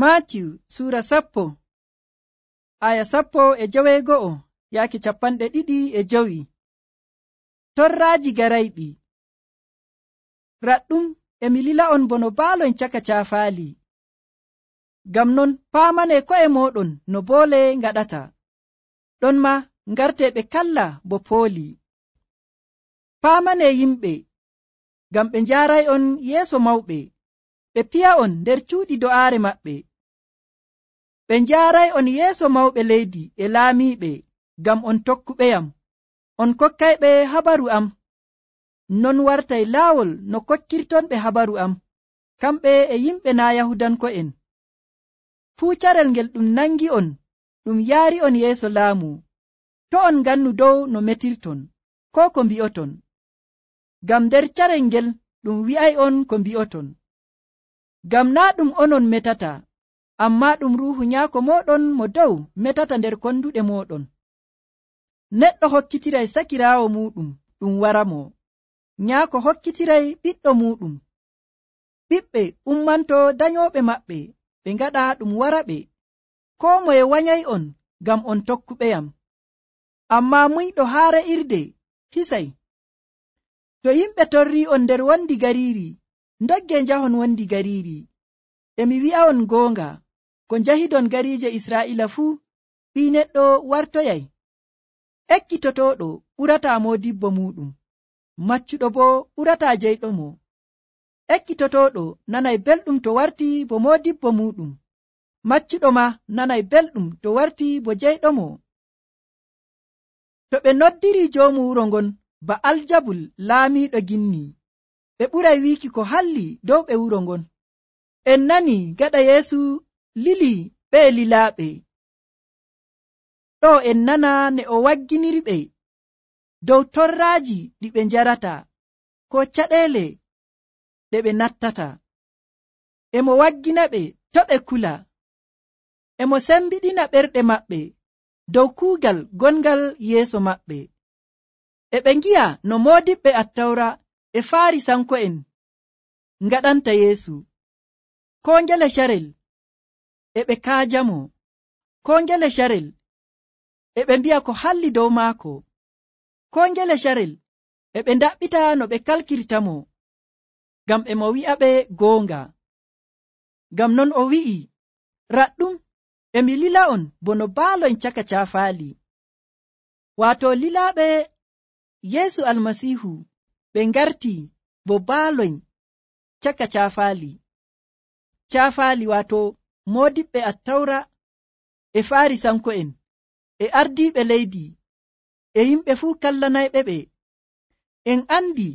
matiw sura sappo aya sappo e jowego'o yaake capanɗe ɗiɗi e jowi torraaji garayɓi raɗɗum e mi lila on bono baalon caka caafaali ngam non paamane ko'e moɗon no boole ngaɗata ɗon ma ngarteɓe kalla bo pooli paamane yimɓe ngam ɓe njaaray on yeeso mawɓe ɓe piya on nder cuuɗi do'aare maɓɓe ɓe njaaray on yeeso mawɓe leydi e laamiiɓe ngam on tokkuɓeyam on kokkayɓe habaru am non wartay laawol no kokkirton ɓe habaru am kamɓe e yimɓe naa yahudanko'en fuu carel ngel ɗum nangi on ɗum yaari on yeeso laamu to on ngannu dow no metirton ko ko mbi'oton ngam nder carel ngel ɗum wi'ay on ko mbi'oton gam na ɗum onon metata amma ɗum ruhu nyaako moɗon mo dow metata nder konduɗe moɗon neɗɗo hokkitiray sakirawo muɗum ɗum waramo nyaako hokkitiray ɓiɗɗo muɗum ɓiɓɓe ummanto dayoɓe maɓɓe ɓe gaɗa ɗum wara ɓe ko moye wayay on gam on tokkuɓeyam amma muyɗo haare irde hisay to yimɓe torri on nder wondi gariri ndogge njahon wondi gariiri emi wi'awon goonga ko njahidon gariije israa'iila fuu ɓii neɗɗo wartoyay ekkitotooɗo ɓurata moodibbo muɗum maccuɗo bo ɓurata jeyɗo mo ekkitotooɗo nanay belɗum to warti bo moodibbo muɗum maccuɗo ma nanay belɗum to warti bo jeyɗo mo to ɓe noddiri joomu wuro ngon ba aljabul laamiiɗo ginni ɓe ɓuray wiki ko halli dow ɓe wuro ngon en nani gaɗa yeesu lili ɓe lilaaɓe ɗo en nana ne o wagginiri ɓe dow torraaji ɗi ɓe njarata ko caɗeele ɗe ɓe nattata emo waggina ɓe to ɓe kula emo sembiɗina ɓerɗe maɓɓe dow kuugal gongal yeeso maɓɓe e ɓe ngi'a no moodiɓɓe attawra e farisanko'en ngaɗanta yeesu ko ngele sharel e ɓe kaajamo ko ngele sharel e ɓe mbi'a ko halli dow maako ko ngele sharel e ɓe ndaɓɓita no ɓe kalkirta mo ngam e mo wi'a ɓe goonga ngam non o wi'i raɗɗum emi lila on bono baalo en caka caafaali waato lilaaɓe yeesu almasiihu ɓe ngarti bo baaloy caka cafaali cafaali wato modiɓɓe attawra e farisanko'en e ardiɓe leydi e yimɓe fuu kallanayɓe ɓe en andi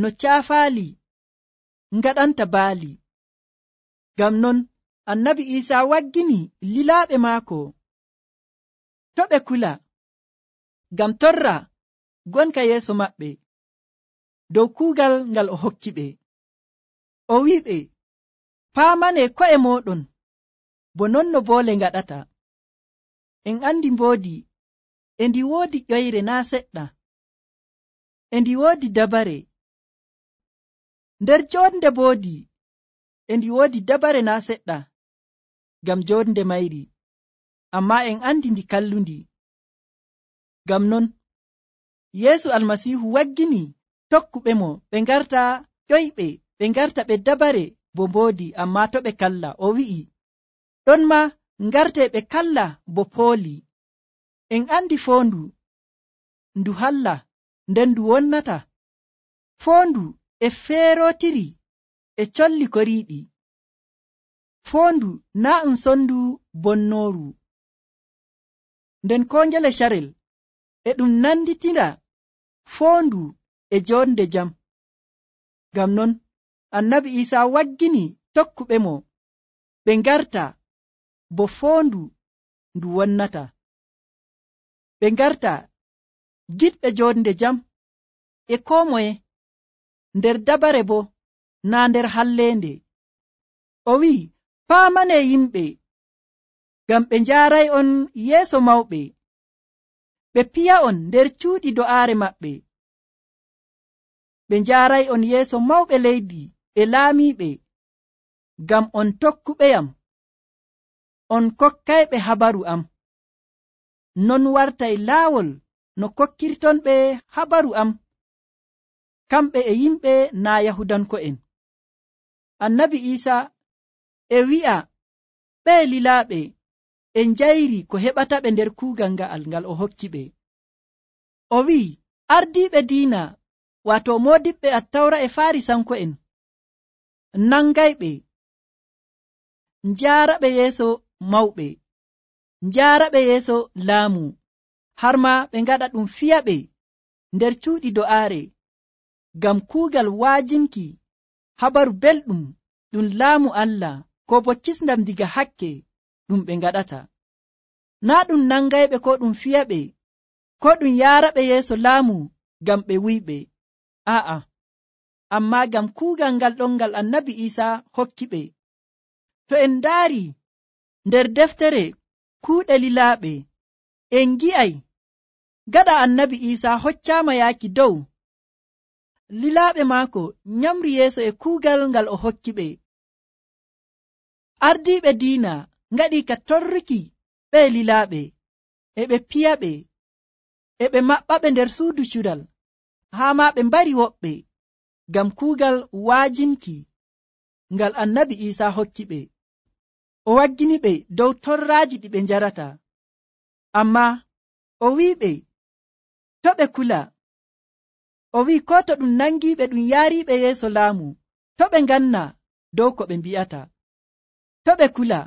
no cafaali ngaɗanta baali gam non annabi isa waggini lilaɓe maako to ɓe kula gam torra gonka yeeso maɓɓe dow kuugal ngal o hokki ɓe o wi ɓe paamane ko'e moɗon bo non no boole ngaɗata en andi mboodi e ndi woodi ƴoyre naa seɗɗa e ndi woodi dabare nder joonde boodi e ndi woodi dabare naa seɗɗa ngam joonde mayri amma en andi ndi kallundi ngam non yeesu almasiihu waggini tokkuɓe mo ɓe garta ƴoyɓe ɓe garta ɓe dabare bo mboodi amma to ɓe kalla o wi'i ɗon ma ngarte ɓe kalla bo pooli en andi foondu ndu halla nden ndu wonnata foondu e feerotiri e colli koriiɗi foondu naa n sonndu bonnooru nden koo njele sharel e ɗum nannditira foondu e jonde jam ngam non annabi isa waggini tokkuɓe mo ɓe ngarta bo fondu ndu wonnata ɓe ngarta giɗɓe jonde jam e ko moye nder dabare bo na nder hallende o wi'i famane yimɓe ngam ɓe njaray on yeeso mawɓe ɓe piya on nder cuuɗi do'aare maɓɓe ɓe njaaray on yeeso mawɓe leydi e laamiiɓe ngam on tokkuɓe yam on kokkayɓe habaru am non wartay laawol no kokkirtonɓe habaru am kamɓe e yimɓe naa yahudanko'en annabi iisaa e wi'a ɓee lilaaɓe e njayri ko heɓataɓe nder kuugal nga'al ngal o hokki ɓe o wi'i ardiiɓe diina wato modiɓɓe attawra e farisanko en nangayɓe njaraɓe yeeso mawɓe njaraɓe yeeso laamu har ma ɓe ngaɗa ɗum fiyaɓe nder cuuɗi do'aare ngam kuugal waajinki habaru belɗum ɗum laamu allah ko bo cisdam diga hakke ɗum ɓe ngaɗata na ɗum nangayɓe ko ɗum fiyaɓe ko ɗum yaaraɓe yeeso laamu ngam ɓe wuyɓe a'a amma gam kuugal ngal ɗon ngal annabi isa hokki ɓe to en ndaari nder deftere kuuɗe lilaaɓe en ngi'ay gaɗa annabi isa hoccaama yaaki dow lilaaɓe maako nyamri yeeso e kuugal ngal o hokki ɓe ardiiɓe diina ngaɗi ka torruki ɓe lilaaɓe e ɓe piya ɓe e ɓe maɓɓa ɓe nder suudu cural haa ma ɓe mbari woɓɓe ngam kuugal waajinki ngal annabi iisaa hokki ɓe o waggini ɓe dow torraaji ɗi ɓe njarata ammaa o wi'i ɓe to ɓe kula o wi'i ko to ɗum nangiiɓe ɗum yaariiɓe yeeso laamu to ɓe nganna dow ko ɓe mbi'ata to ɓe kula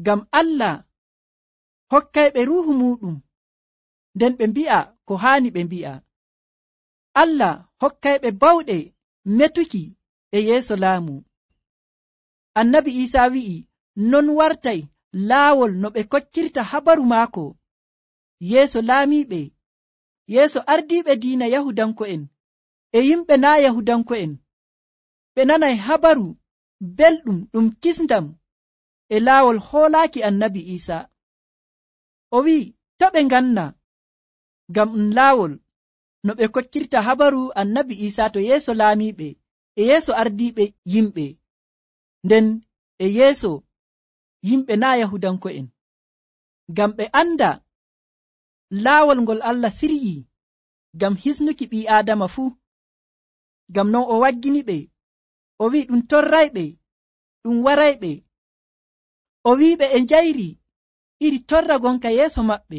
ngam allah hokkay ɓe ruuhu muɗum nden ɓe mbi'a ko haani ɓe mbi'a allah hokkayɓe bawɗe metuki e yeeso laamu annabi isaa wi'i non wartay laawol no ɓe koccirta habaru maako yeeso laamiiɓe yeeso ardiiɓe diina yahudanko'en e yimɓe naa yahudanko'en ɓe nanay habaru belɗum ɗum kisdam e laawol hoolaaki annabi iisaa o wi'i to ɓe nganna ngam ɗum laawol no ɓe koccirta habaru annabi isa to yeeso laamiɓe e yeeso ardiɓe yimɓe nden e yeeso yimɓe na yahudanko'en ngam ɓe anda laawol ngol allah siryi ngam hisnuki ɓi adama fuu ngam non o waggini ɓe o wi ɗum torrayɓe ɗum warayɓe o wi ɓe e njayri iri torra gonka yeeso maɓɓe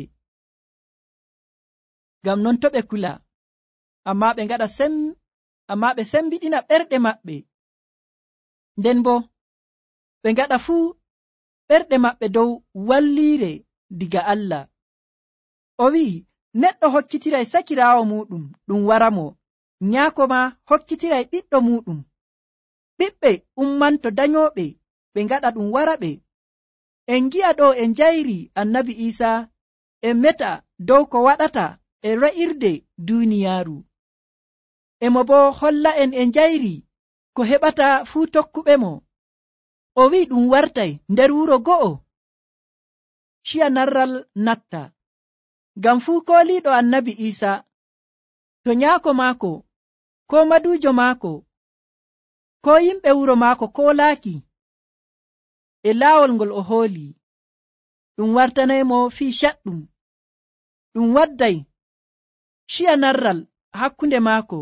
ngam non to ɓe kula amma ɓe gaɗa sem amma ɓe sembiɗina ɓerɗe maɓɓe nden bo ɓe gaɗa fuu ɓerɗe maɓɓe dow walliire diga allah o wi'i neɗɗo hokkitiray sakiraawo muɗum ɗum waramo nyaako ma hokkitiray ɓiɗɗo muɗum ɓiɓɓe ummanto dayoɓe ɓe gaɗa ɗum wara ɓe en gi'a ɗo en jayri annabi isa en meta dow ko waɗata e ra'irde duniyaaru emo bo holla en e njayri ko heɓata fuu tokkuɓe mo o wi'i ɗum wartay nder wuro go'o ciya narral natta ngam fuu kooliiɗo annabi iisa to nyaako maako ko maduujo maako ko yimɓe wuro maako ko laaki e laawol ngol o hooli ɗum wartanaymo fii caɗɗum ɗum wadday ciya narral hakkunde maako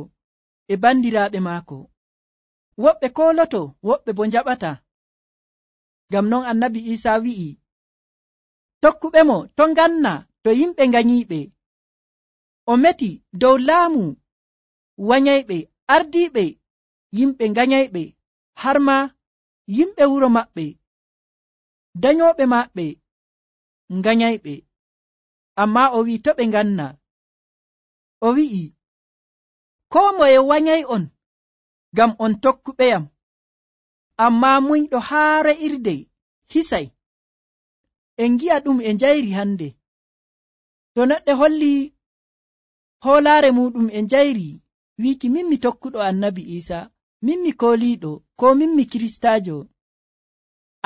e bandiraaɓe maako woɓɓe koloto woɓɓe bo jaɓata ngam non annabi isaa wi'i tokkuɓe mo to nganna to yimɓe nganyiiɓe o meti dow laamu wanyayɓe ardiiɓe yimɓe nganyayɓe har ma yimɓe wuro maɓɓe dayoɓe maɓɓe nganyayɓe amma o wi'i to ɓe nganna o wi'i ko moye wanyay on ngam on tokkuɓeyam amma muyɗo haa ra'irde hisay en ngi'a ɗum e njayri hannde to neɗɗo holli hoolaare muɗum e njayri wiiki min mi tokkuɗo annabi iisa min mi kooliiɗo ko min mi kiristaajo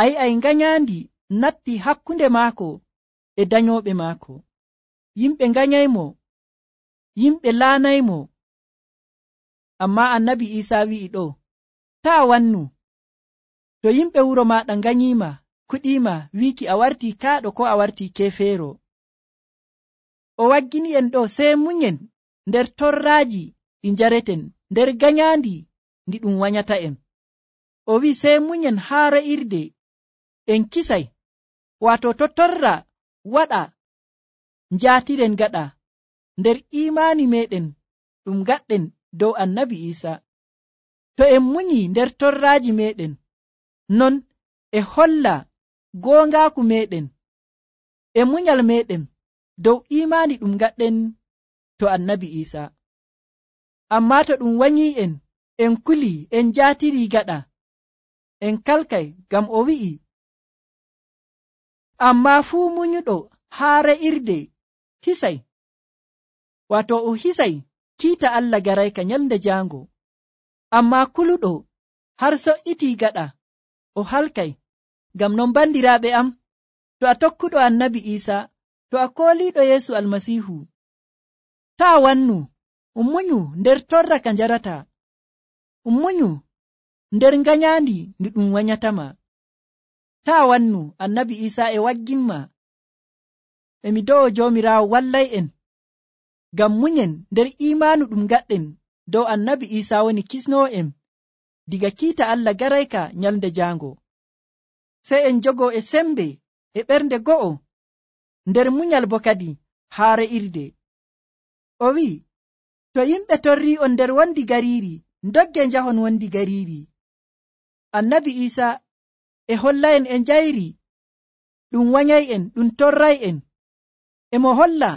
a yi'ay nganyaandi natti hakkunde maako e dañooɓe maako yimɓe nganyaymo yimɓe laanaymo amma annabi isa wi'i ɗo ta wannu to yimɓe wuro maɗa ganyima kuɗima wiki a warti kaɗo ko a warti kefeero o waggini en ɗo sei munyen nder torraji ɗi jareten nder ganyandi ndi ɗum wanyata en o wi sei munyen haara irde en kisai wato to torra waɗa njatiren gaɗa nder imani meɗen ɗum gaɗɗen dow annabi isa to en muyi nder torraji meɗen non e holla gongaku meɗen e munyal meɗen dow imani ɗum gaɗɗen to annabi isa amma to ɗum wanyi en en kuli en jatiri gaɗa en kalkai gam o wi'i amma fuu munyuɗo haa re'irde hisai wato o hisai kiita allah garay ka nyalde jango amma kuluɗo har so'iti gaɗa o halkay ngam non bandiraɓe am to a tokkuɗo annabi isa to a koliɗo yesu almasihu ta wannu ummuyu nder torra ka njarata ummuyu nder nganyandi ndi ɗum wanyatama ta wannu annabi isa e wagginma emi dow jomirawo wallay en ngam munyen nder imanu ɗum gaɗɗen dow annabi isa woni kisnowo en diga kiita allah garayka nyalde jango sey en jogo e sembe e ɓernde go'o nder munyal bo kadi haare irde o wi'i to yimɓe torri on nder wondi gariiri ndogge njahon wondi gariiri annabi isa e hollayen e njayri ɗum wanyay en ɗum torray en emo holla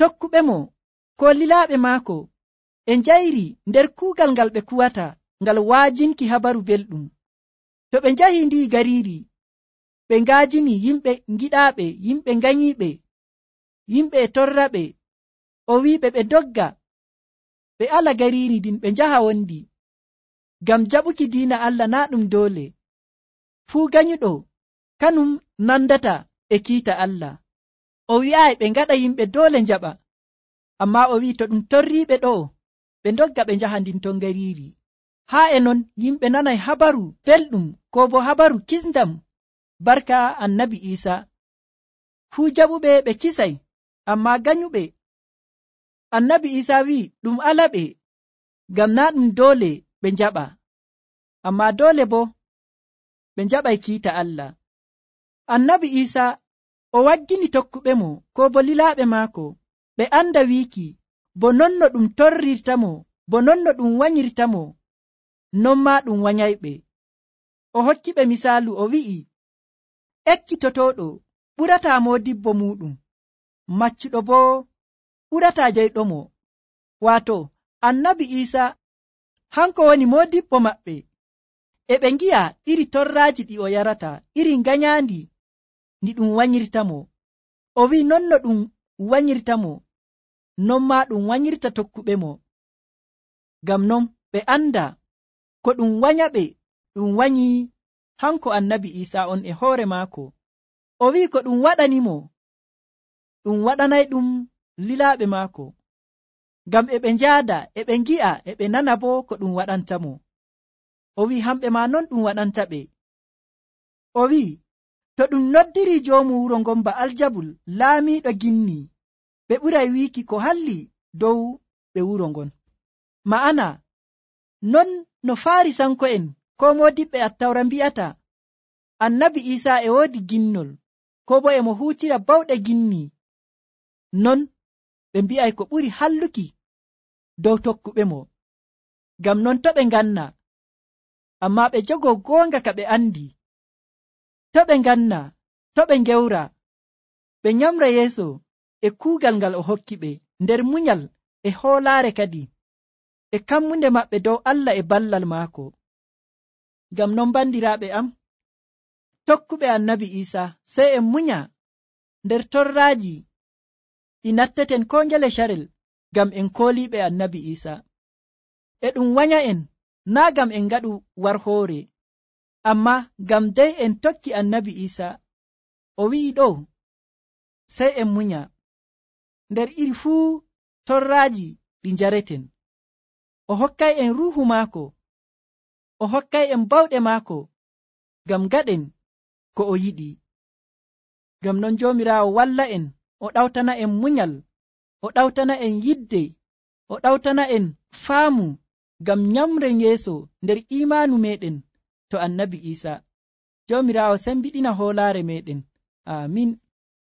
tokkuɓe mo kolilaaɓe maako en njayri nder kuugal ngal ɓe kuwata ngal waajinki habaru belɗum to ɓe njahi ndi gariiri ɓe ngaajini yimɓe ngiɗaaɓe yimɓe nganyiiɓe yimɓe e torraɓe o wiiɓe ɓe ndogga ɓe ala gariiri ndin ɓe njaha wondi ngam jaɓuki diina allah naa ɗum doole fuu ganyuɗo kanum nandata e kiita allah o wi'aayi ɓe ngaɗa yimɓe doole njaɓa amma o wi to ɗum torriɓe ɗo ɓe dogga ɓe njaha ndin tongariri haa e non yimɓe nanay habaru belɗum ko bo habaru kisdam barka annabi isa fuu jaɓuɓe ɓe kisay amma gayuɓe annabi isa wi ɗum alaɓe ngam na ɗum dole ɓe njaɓa amma dole bo ɓe njaɓay kiita allah annabi isa o waggini tokkuɓe mo ko bo lilaɓe maako ɓe anda wiiki bo nonno ɗum torrirtamo bo nonno ɗum wanyirtamo non ma ɗum wanyayɓe o hokki ɓe misaalu o wi'i ekkitotoɗo ɓurata modibbo muɗum maccuɗo bo ɓurata jeyɗo mo wato annabi isa hanko woni modibbo maɓɓe e ɓe ngi'a iri torraji ɗi o yarata iri ganyandi ndi ɗum wanyirtamo o wi'i nonno ɗum wanyirtamo non ma ɗum wanyirta tokkuɓe mo gam non ɓe anda ko ɗum wanya ɓe ɗum wanyi hanko annabi isa on e hoore maako o wi'i ko ɗum waɗani mo ɗum waɗanay ɗum lilaaɓe maako ngam e ɓe njaada e ɓe ngi'a e ɓe nana bo ko ɗum waɗanta mo o wi'i hamɓe ma non ɗum waɗanta ɓe o wi'i to ɗum noddiri joomu wuro ngon ba aljabul laamiiɗo ginni ɓe ɓuray wiiki ko halli dow ɓe wuro ngon ma'ana non no farisanko'en ko modiɓɓe attawra mbi'ata annabi isa e woodi ginnol ko bo emo huutira bawɗe ginni non ɓe mbi'ay ko ɓuri halluki dow tokkuɓe mo ngam non to ɓe nganna amma ɓe jogo goonga ka ɓe anndi to ɓe nganna to ɓe ngewra ɓe nyamra yeeso e kuugal ngal o hokki ɓe nder munyal e hoolaare kadi e kammunde maɓɓe dow allah e ballal maako ngam non bandiraaɓe am tokkuɓe annabi iisa sey en munya nder torraaji ɗi natteten ko ngele sharel ngam en kooliiɓe annabi iisa e ɗum wanya en naa ngam en ngaɗu war hoore amma ngam dey en tokki annabi iisa o wi'i ɗo sey en munya nder iri fuu torraaji ɗi njareten o hokkay en ruhu maako o hokkay en bawɗe maako ngam gaɗen ko o yiɗi ngam non joomiraawo walla en o ɗawtana en munyal o ɗawtana en yidde o ɗawtana en faamu ngam nyamre yeeso nder imaanu meɗen to annabi iisa joomiraawo sembiɗina hoolaare meɗen amin